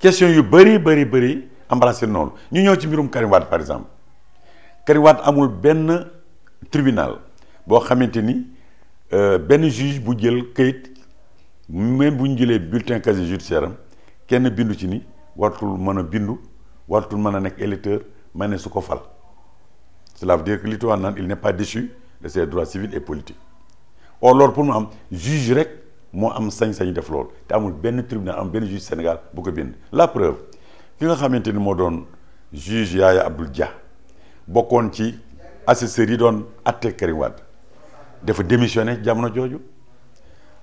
question yu bëri bari bari embrassé noonu ñu ñëw ci mbirum Karim par exemple Karim amul benn tribunal boo xamante ni euh, benn juge bu jël kayit même bu ñu jëlee bulletin casier judiciaire am kenn bindu ci ni wartul mën a bindu wartul mën a nekk électeur ma ne su ko fal cela veut dire que li tubaab naan il n'est pas déchu de ses droits civils et politiques or loolu pour nous, am juge rek moo am sañ-sañ def loolu te amul ben tribunal am ben juge Sénégal bu ko la preuve ki nga xamante ni moo juge Yaya Abdoul Dia bokkoon ci assesseurs yi doon atte Karim Wade dafa démissionner, jamono jooju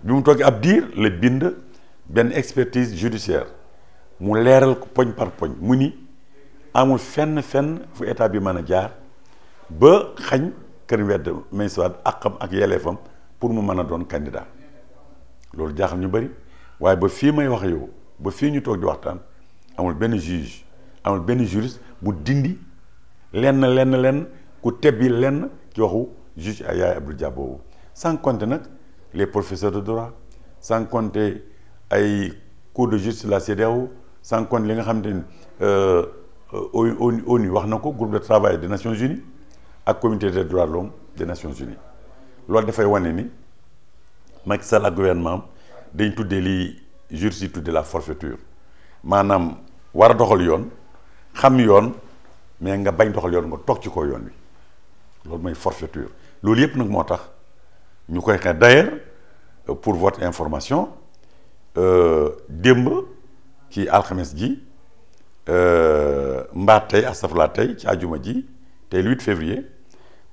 bi mu toogee ab diir la bind expertise judiciaire mu l'air ko par poigne. mu ni amul fenn fenn fu état bi mën a jaar ba pour a candidat juge amul juriste juge sans compter les professeurs de droit sans compter les cours de justice la CDAO, sans compter euh, euh, groupe de travail des Nations Unies ak comité des droits de l'homme des Nations Unies qui est wane ni Macky Sall le gouvernement dañ tuddee lii jursi de la forfaiture Manam, war a doxal yoon xam mais nga bañ doxal yoon nga toog ci kaw yoon wi loolu mooy forfaiture loolu yëpp nag moo tax ñu d'ailleurs euh, pour votre information euh, démb qui est ji euh, mbaa tey astafurlah tey ci àjuma ji tey le 8 février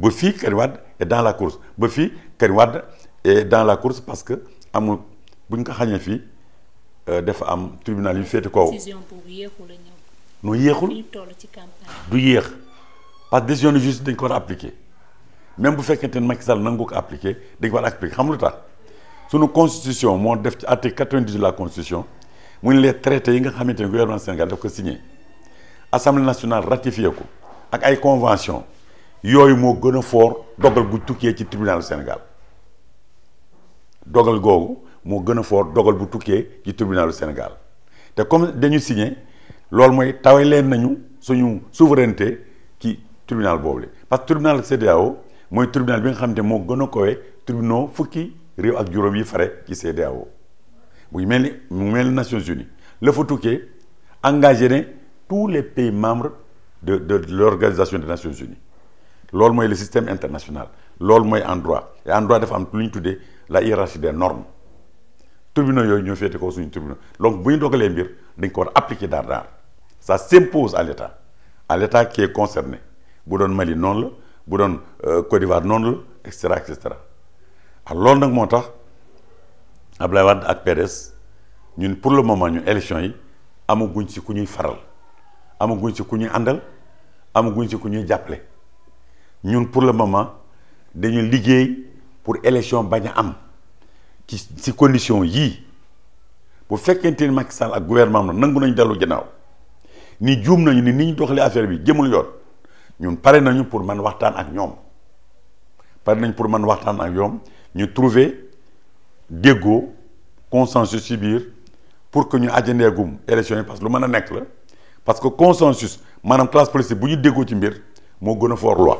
ba fii est dans la course ba fii est dans la course parce que amul buñ ko xagné fi euh dafa am tribunal yu féete ko. décision boobu yéexul la ñëw. nu yéexul du parce que décision de justice dañ ko appliquer même bu fekkente ne Macky Sall nangu ko appliquer dañ ko appliquer xam lu tax sunu constitution mo def ci article 90 de la constitution mu les traités yi nga xamante ne gouvernement Sénégal daf ko signé assemblée nationale ratifié ko ak ay convention yoy mo gën a fort dogal bu tukkee ci tribunal Sénégal dogal gogou mo gën a fort dogal bu tukkee ci tribunal Sénégal té comme dañu signé lool moy tawee leen nañu suñu souveraineté ci tribunal boobu parce que tribunal cdao moy tribunal bi nga xam ne moo gën a kowe tribunal fukki réew ak juróom yi faré ci cdao bu melni mu mel Nations Unies le fa tukkee engagé ne tous les pays membres de de l'organisation des Nations Unies loolu mooy le système international loolu mooy endroit droit et endroit droit dafa am lu ñu tuddee la hiérarchie des normes tribunaux yooyu ñoo féete ko suñu tribunaux donc bu ñu dogalee mbir dañ ko war a appliquer daar daar ça s'impose à l'état à l'état qui est concerné bu doon Mali noonu la bu doon euh, Côte d'Ivoire noonu la et cetera et cetera ah loolu nag moo tax Abdoulaye Wade ak PDS ñun pour le moment ñu élection yi amaguñ ci ku ñuy faral amaguñ ci ku ñuy àndal amaguñ ci ku ñuy jàppale ñun pour le moment dañu liggéey pour élection bañ a am ci ci condition yi bu fekkente ni Macky Sall ak gouvernement am nangu nañu dellu ginnaaw ni juum nañu ni ni ñu doxalee affaire bi jëmul yoon ñun pare nañu pour man waxtaan ak ñoom pare nañ pour man waxtaan ak ñoom ñu trouver déggoo consensus ci biir pour que ñu ajandeegum élection yi parce que lu mën a nekk la parce que consensus maanaam classe politique bu ñu déggoo ci mbir moo gën a fort loi